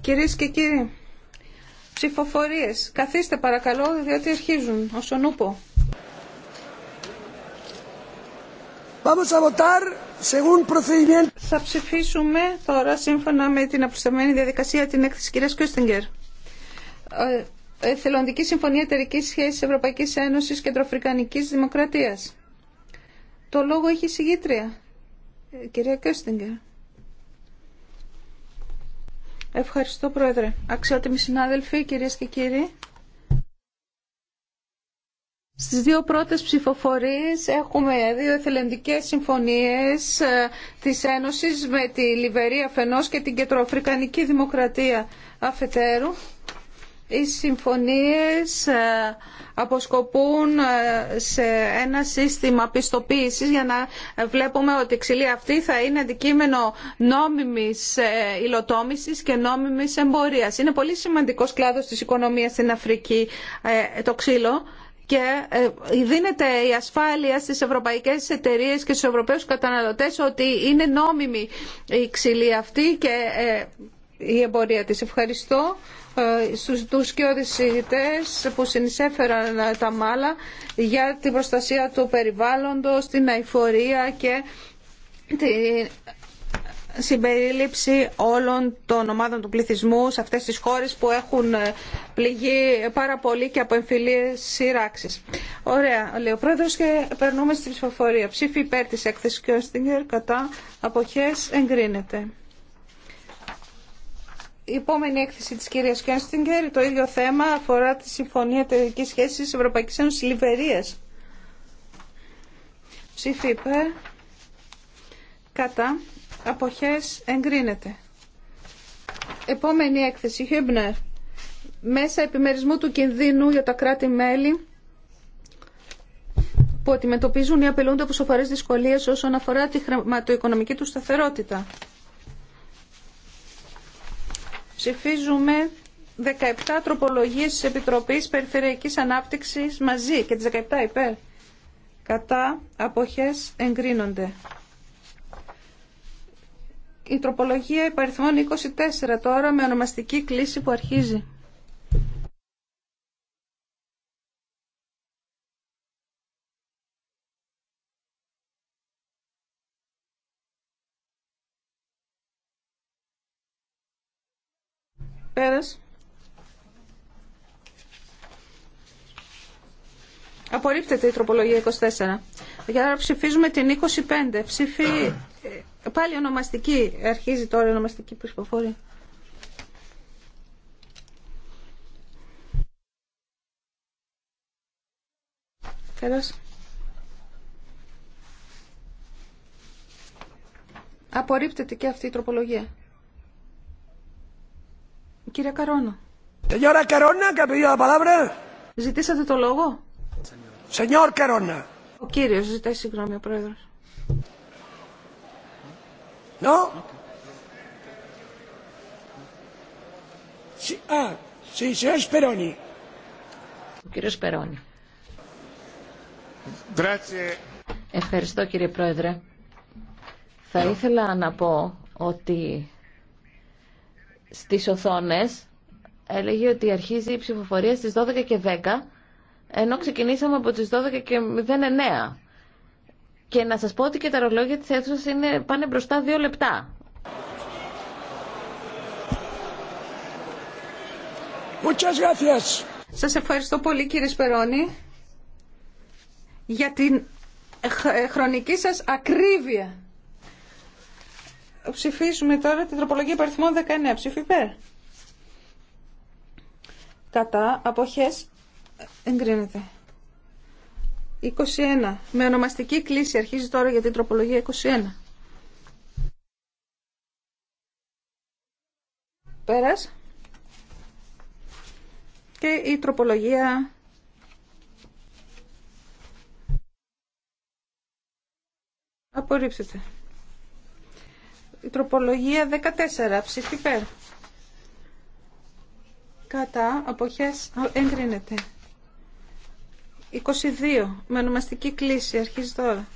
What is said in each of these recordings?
Κυρίες και κύριοι, ψηφοφορίες. Καθίστε παρακαλώ, διότι αρχίζουν, όσον ούπο. Θα ψηφίσουμε τώρα, σύμφωνα με την απλουστευμένη διαδικασία, την έκθεση κυρίας Κιούστιγκερ. Ε, εθελοντική Συμφωνία Εταιρικής Σχέσης Ευρωπαϊκής Ένωσης Κεντροαφρικανικής Δημοκρατίας. Το λόγο έχει η συγγήτρια, ε, κυρία Κιούστιγκερ. Ευχαριστώ, Πρόεδρε. Αξιότιμοι συνάδελφοι, κυρίες και κύριοι. Στις δύο πρώτες ψηφοφορίες έχουμε δύο εθελοντικές συμφωνίες ε, της Ένωσης με τη Λιβερία Φενός και την Κεντροαφρικανική Δημοκρατία Αφετέρου οι συμφωνίες ε, αποσκοπούν ε, σε ένα σύστημα πιστοποίησης για να βλέπουμε ότι η ξυλία αυτή θα είναι αντικείμενο νόμιμης ε, υλοτόμησης και νόμιμης εμπορίας. Είναι πολύ σημαντικός κλάδος της οικονομίας στην Αφρική το ξύλο και δίνεται η ασφάλεια στις ευρωπαϊκές εταιρείες και στους ευρωπαίους καταναλωτές ότι είναι νόμιμη η ξυλία αυτή και η εμπορία της. Ευχαριστώ. Ε, στους τους που συνεισέφεραν ε, τα μάλα για την προστασία του περιβάλλοντος, την αηφορία και την συμπερίληψη όλων των ομάδων του πληθυσμού σε αυτές τις χώρες που έχουν ε, πληγεί πάρα πολύ και από εμφυλίες σειράξεις. Ωραία, λέει ο πρόεδρος και περνούμε στην ψηφοφορία. Ψήφι υπέρ της έκθεσης και ο κατά αποχές εγκρίνεται. Η επόμενη έκθεση της κυρίας Κένστιγκερ, το ίδιο θέμα, αφορά τη Συμφωνία τελικής Σχέσης Ευρωπαϊκής Ένωσης Λιβερίας. Ψήφιπε. κατά, αποχές, εγκρίνεται. Επόμενη έκθεση, Χιμπνερ. Μέσα επιμερισμού του κινδύνου για τα κράτη-μέλη που αντιμετωπίζουν ή απελούνται από σοφαρές δυσκολίες όσον αφορά τη χρηματοοικονομική του σταθερότητα. Ψηφίζουμε 17 τροπολογίες της Επιτροπής Περιφερειακής Ανάπτυξης μαζί και τις 17 υπέρ. Κατά αποχές εγκρίνονται. Η τροπολογία υπαριθμών 24 τώρα με ονομαστική κλίση που αρχίζει. Πέρας. Απορρίπτεται η τροπολογία 24. Για να ψηφίζουμε την 25. Ψήφι... Ε, πάλι ονομαστική. Αρχίζει τώρα η ονομαστική ψηφοφορία. Πέρας. Απορρίπτεται και αυτή η τροπολογία. Κύριε Καρόνα. Σενιόρα Καρόνα, καπηγείο παλάβρα. Ζητήσατε το λόγο. Σενιόρ Καρόνα. Ο κύριος ζητάει συγγνώμη, ο πρόεδρος. No. Α, sì, signor Speroni. Ο κύριος Σπερώνη. Ευχαριστώ κύριε Πρόεδρε. Θα ήθελα να πω ότι στις οθόνες έλεγε ότι αρχίζει η ψηφοφορία στις 12 και 10 ενώ ξεκινήσαμε από τις 12 και 09. Και να σας πω ότι και τα ρολόγια της αίθουσας είναι, πάνε μπροστά δύο λεπτά. Σας ευχαριστώ πολύ κύριε Σπερώνη για την ε, χρονική σας ακρίβεια. Ψηφίσουμε τώρα την τροπολογία υπαριθμών 19. Ψήφι υπέρ. Κατά αποχές εγκρίνεται. 21. Με ονομαστική κλίση αρχίζει τώρα για την τροπολογία 21. Πέρας. Και η τροπολογία απορρίψεται. Τροπολογία 14. Ψήφι υπέρ. Κατά αποχές εγκρίνεται. 22. Με ονομαστική κλίση. Αρχίζει τώρα.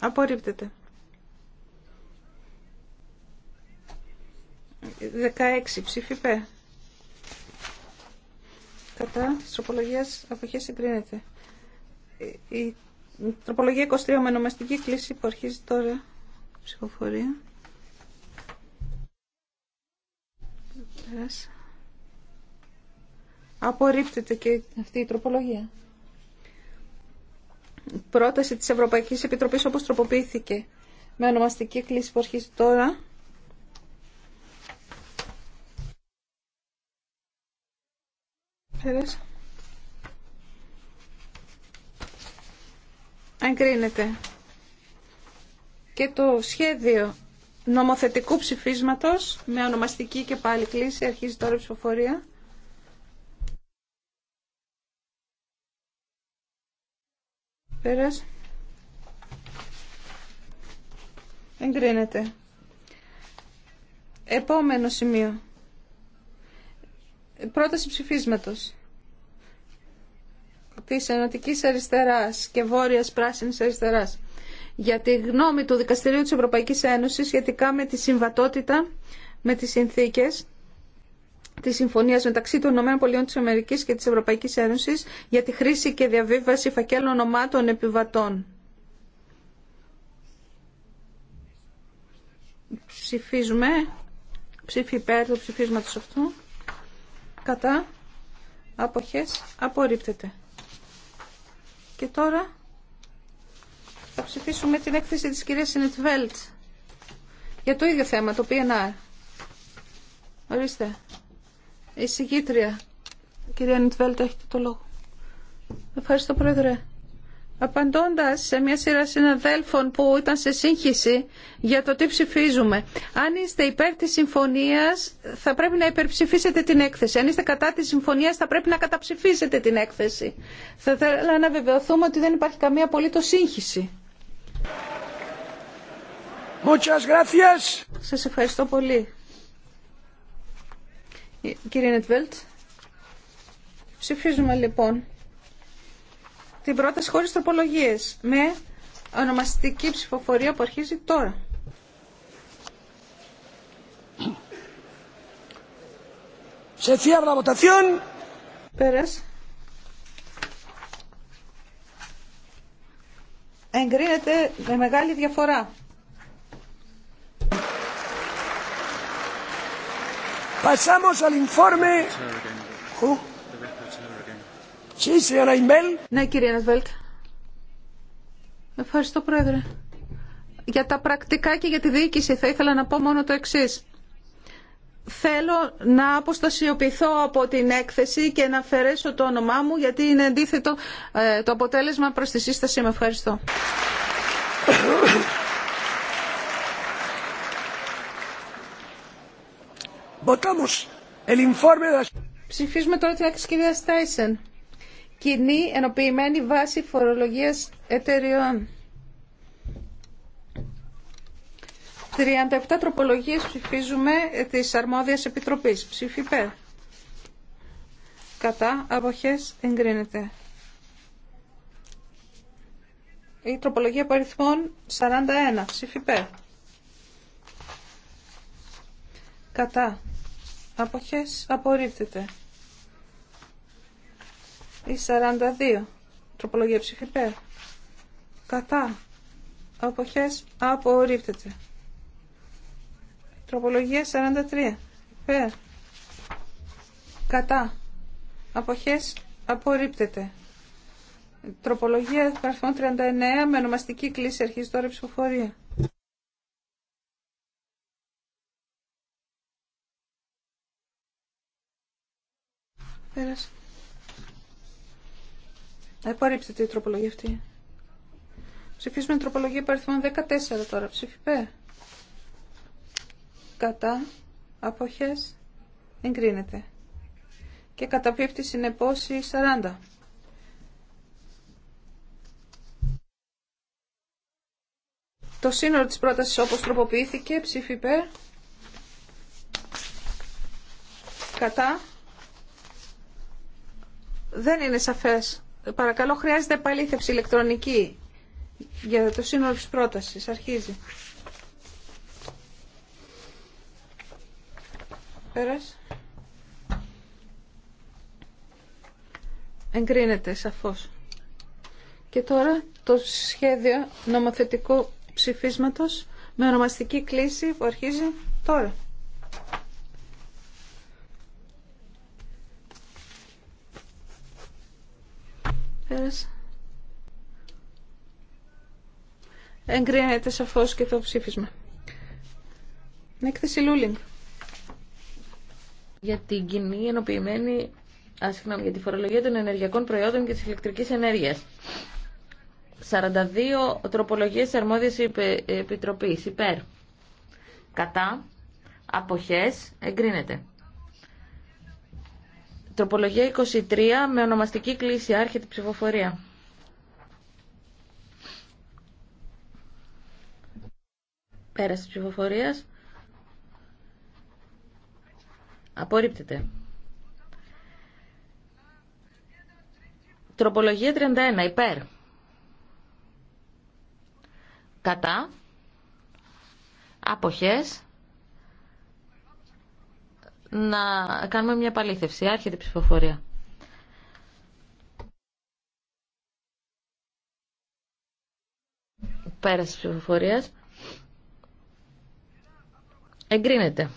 Απορρίπτεται. 16. Ψήφι ΠΕΡΑ κατά τροπολογίας αποχής συγκρίνεται. Η τροπολογία 23 με νομαστική κλίση που αρχίζει τώρα ψηφοφορία. Απορρίπτεται και αυτή η τροπολογία. πρόταση της Ευρωπαϊκής Επιτροπής όπως τροποποιήθηκε με ονομαστική κλίση που αρχίζει τώρα. Εγκρίνεται. Και το σχέδιο νομοθετικού ψηφίσματος με ονομαστική και πάλι κλίση αρχίζει τώρα η ψηφοφορία. Πέρας. Εγκρίνεται. Επόμενο σημείο. Πρόταση ψηφίσματος της Ενωτικής Αριστεράς και Βόρειας Πράσινης Αριστεράς για τη γνώμη του Δικαστηρίου της Ευρωπαϊκής Ένωσης σχετικά με τη συμβατότητα με τις συνθήκες της Συμφωνίας μεταξύ των ΗΠΑ της και της Ευρωπαϊκής Ένωσης για τη χρήση και διαβίβαση φακέλων ονομάτων επιβατών. Ψηφίζουμε. Ψήφι υπέρ του ψηφίσματος αυτού κατά αποχές απορρίπτεται. Και τώρα θα ψηφίσουμε την έκθεση της κυρίας Σινετβέλτ για το ίδιο θέμα, το PNR. Ορίστε. Η συγκήτρια. Κυρία Νιτβέλτ, έχετε το λόγο. Ευχαριστώ, Πρόεδρε απαντώντας σε μια σειρά συναδέλφων που ήταν σε σύγχυση για το τι ψηφίζουμε. Αν είστε υπέρ της συμφωνίας θα πρέπει να υπερψηφίσετε την έκθεση. Αν είστε κατά της συμφωνίας θα πρέπει να καταψηφίσετε την έκθεση. Θα ήθελα να βεβαιωθούμε ότι δεν υπάρχει καμία απολύτως σύγχυση. Muchas Σας ευχαριστώ πολύ. Ε, κύριε Νετβέλτ, ψηφίζουμε λοιπόν την πρόταση χωρίς τροπολογίες με ονομαστική ψηφοφορία που αρχίζει τώρα. Σε φιάβρα Πέρας. Εγκρίνεται με μεγάλη διαφορά. Pasamos al informe. Ναι, κύριε Ρασβέλτ. Ευχαριστώ, Πρόεδρε. Για τα πρακτικά και για τη διοίκηση θα ήθελα να πω μόνο το εξή. Θέλω να αποστασιοποιηθώ από την έκθεση και να αφαιρέσω το όνομά μου γιατί είναι αντίθετο ε, το αποτέλεσμα προς τη σύσταση. Με ευχαριστώ. Ψηφίζουμε τώρα την της κυρία Στάισεν κοινή ενοποιημένη βάση φορολογίας εταιριών. 37 τροπολογίες ψηφίζουμε της αρμόδιας επιτροπής. Ψήφι Κατά αποχές εγκρίνεται. Η τροπολογία παριθμών 41. Ψήφι Κατά αποχές απορρίπτεται. Η 42. Τροπολογία ψυχή Κατά. Αποχές. Απορρίπτεται. Τροπολογία 43. Υπέρ. Κατά. Αποχές. Απορρίπτεται. Τροπολογία 39 με ονομαστική κλίση αρχίζει τώρα ψηφοφορία. Πέρασε υπορρίψετε η τροπολογία αυτή. Ψηφίσουμε την τροπολογία υπαριθμών 14 τώρα. Ψηφιπέ. Κατά. Αποχές. Εγκρίνεται. Και καταπίπτει συνεπώς η 40. Το σύνολο της πρότασης όπως τροποποιήθηκε, Ψήφιπε. Κατά. Δεν είναι σαφές. Παρακαλώ, χρειάζεται επαλήθευση ηλεκτρονική για το σύνολο της πρότασης. Αρχίζει. Πέρας. Εγκρίνεται, σαφώς. Και τώρα το σχέδιο νομοθετικού ψηφίσματος με ονομαστική κλίση που αρχίζει τώρα. εγκρίνεται σαφώ και το ψήφισμα. Έκθεση Λούλινγκ. Για την κοινή ενοποιημένη, α, για τη φορολογία των ενεργειακών προϊόντων και της ηλεκτρικής ενέργειας. 42 τροπολογίες αρμόδιας επιτροπής. Υπέρ. Κατά. Αποχές. Εγκρίνεται. Τροπολογία 23 με ονομαστική κλίση. Άρχεται ψηφοφορία. Πέραση της ψηφοφορίας. Απορρίπτεται. Τροπολογία 31. Υπέρ. Κατά. Αποχές. Να κάνουμε μια παλήθευση. Άρχεται η ψηφοφορία. Πέραση ψηφοφορίας. Εγκρίνεται.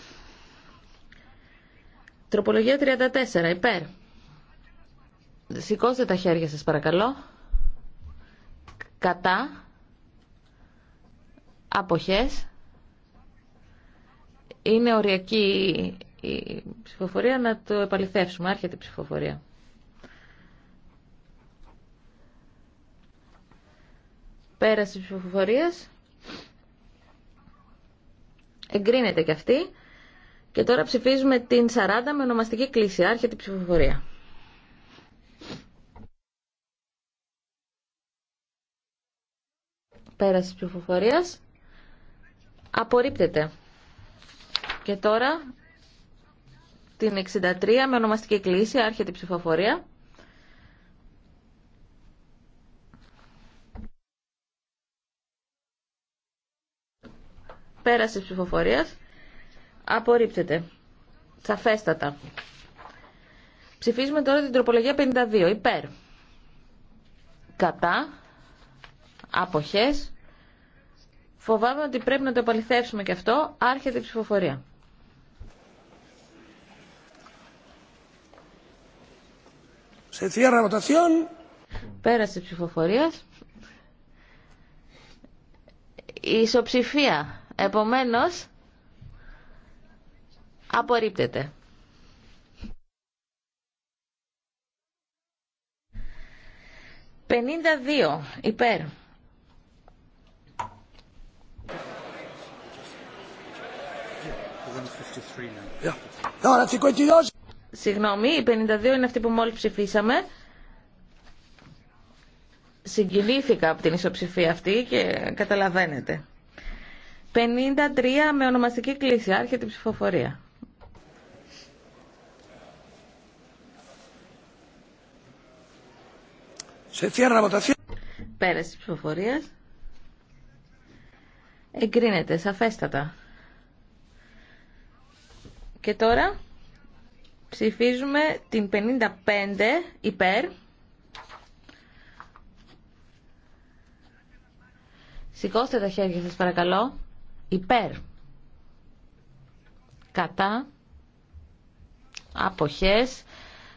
Τροπολογία 34. Υπέρ. Σηκώστε τα χέρια σας παρακαλώ. Κατά. Αποχές. Είναι οριακή η ψηφοφορία να το επαληθεύσουμε. Άρχεται η ψηφοφορία. Πέραση ψηφοφορίας. Εγκρίνεται και αυτή. Και τώρα ψηφίζουμε την 40 με ονομαστική κλίση. Άρχεται η ψηφοφορία. Πέραση ψηφοφορίας. Απορρίπτεται. Και τώρα την 63 με ονομαστική κλίση. Άρχεται η ψηφοφορία. Πέραση ψηφοφορίας. Απορρίπτεται. Σαφέστατα. Ψηφίζουμε τώρα την τροπολογία 52. Υπέρ. Κατά. Αποχές. Φοβάμαι ότι πρέπει να το επαληθεύσουμε και αυτό. Άρχεται η ψηφοφορία. Σε cierra votación. Πέρασε ψηφοφορία. Η ισοψηφία Επομένως, απορρίπτεται. Πενήντα δύο υπέρ. Συγγνώμη, η 52 είναι αυτή που μόλις ψηφίσαμε. Συγκινήθηκα από την ισοψηφία αυτή και καταλαβαίνετε. 53 με ονομαστική κλίση. Άρχεται η ψηφοφορία. Σε Πέρασε τη ψηφοφορία. Εγκρίνεται, σαφέστατα. Και τώρα ψηφίζουμε την 55 υπέρ. Σηκώστε τα χέρια σας παρακαλώ υπέρ κατά αποχές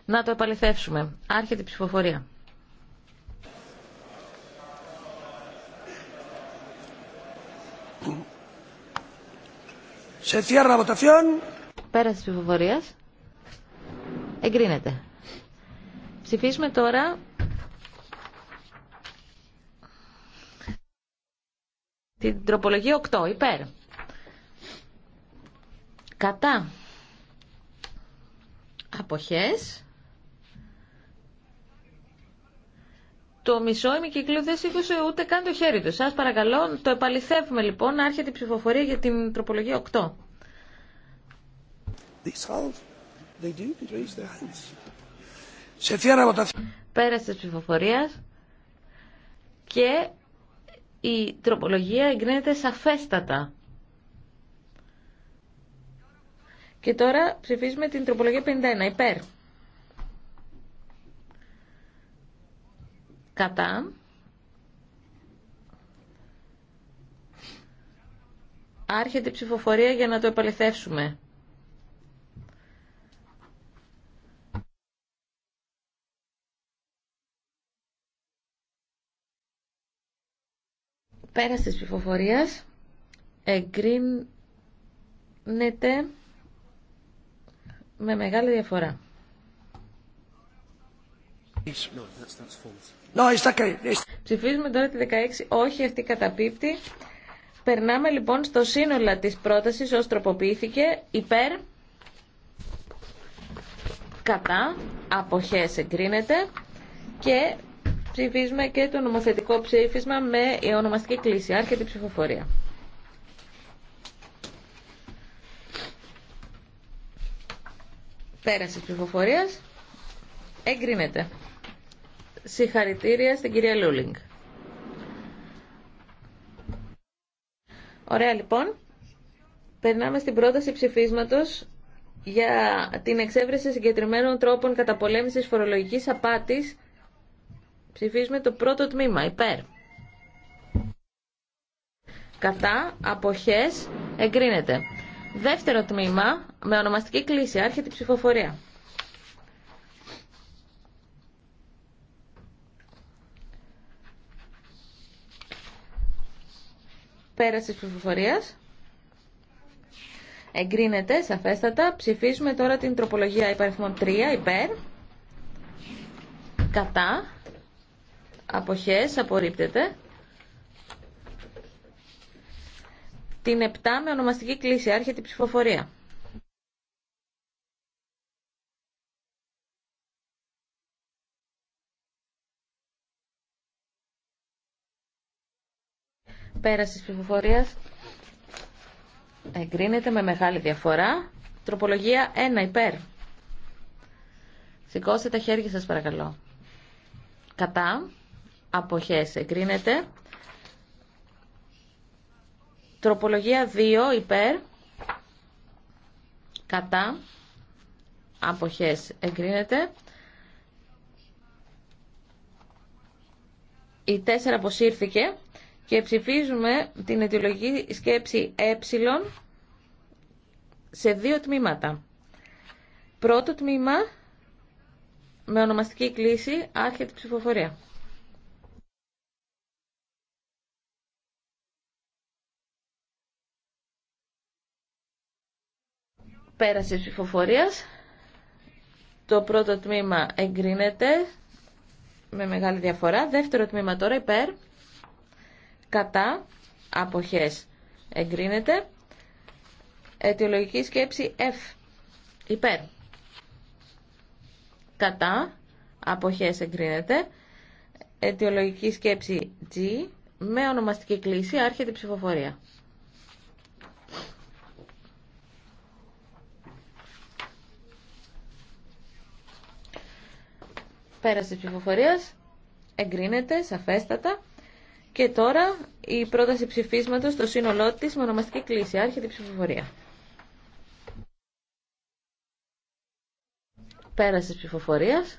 να το επαληθεύσουμε άρχεται η ψηφοφορία Σε cierra votación. της ψηφοφορίας; Εγκρίνεται. Ψηφίσουμε τώρα Την τροπολογία 8 υπέρ. Κατά. Αποχές. Το μισό ημικύκλου δεν σήκωσε ούτε καν το χέρι του. Σας παρακαλώ, το επαληθεύουμε λοιπόν, να έρχεται η ψηφοφορία για την τροπολογία 8. Πέρασε τη ψηφοφορία και η τροπολογία εγκρίνεται σαφέστατα. Και τώρα ψηφίζουμε την τροπολογία 51 υπέρ. Κατά. Άρχεται η ψηφοφορία για να το επαληθεύσουμε. Πέρα της ψηφοφορίας εγκρίνεται με μεγάλη διαφορά. Ψηφίζουμε τώρα τη 16, όχι αυτή καταπίπτει. Περνάμε λοιπόν στο σύνολα της πρότασης ως τροποποιήθηκε υπέρ, κατά, αποχές εγκρίνεται και Ψηφίζουμε και το νομοθετικό ψήφισμα με η ονομαστική κλίση. Άρχεται η ψηφοφορία. Πέραση ψηφοφορία. Εγκρίνεται. Συγχαρητήρια στην κυρία Λούλινγκ. Ωραία λοιπόν. Περνάμε στην πρόταση ψηφίσματος για την εξέβρεση συγκεκριμένων τρόπων καταπολέμησης φορολογικής απάτης Ψηφίζουμε το πρώτο τμήμα. Υπέρ. Κατά. Αποχές. Εγκρίνεται. Δεύτερο τμήμα. Με ονομαστική κλίση. Άρχεται η ψηφοφορία. Πέραση της ψηφοφορίας. Εγκρίνεται, σαφέστατα. Ψηφίζουμε τώρα την τροπολογία υπαριθμών 3, υπέρ. Κατά αποχές απορρίπτεται. Την 7 με ονομαστική κλίση άρχεται η ψηφοφορία. Πέραση της ψηφοφορίας εγκρίνεται με μεγάλη διαφορά. Τροπολογία 1 υπέρ. Σηκώστε τα χέρια σας παρακαλώ. Κατά αποχές εγκρίνεται. Τροπολογία 2 υπέρ, κατά, αποχές εγκρίνεται. Η 4 αποσύρθηκε και ψηφίζουμε την αιτιολογική σκέψη ε σε δύο τμήματα. Πρώτο τμήμα με ονομαστική κλίση άρχεται ψηφοφορία. Πέραση ψηφοφορίας. Το πρώτο τμήμα εγκρίνεται με μεγάλη διαφορά. Δεύτερο τμήμα τώρα υπέρ, κατά, αποχές εγκρίνεται. Αιτιολογική σκέψη F, υπέρ, κατά, αποχές εγκρίνεται. Αιτιολογική σκέψη G, με ονομαστική κλίση, άρχεται η ψηφοφορία. Πέρασε τη ψηφοφορίας εγκρίνεται σαφέστατα. Και τώρα η πρόταση ψηφίσματος στο σύνολό της με ονομαστική κλίση. Άρχεται η ψηφοφορία. Πέραση τη ψηφοφορίας.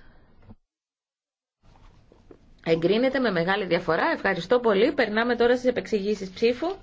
Εγκρίνεται με μεγάλη διαφορά. Ευχαριστώ πολύ. Περνάμε τώρα στις επεξηγήσεις ψήφου.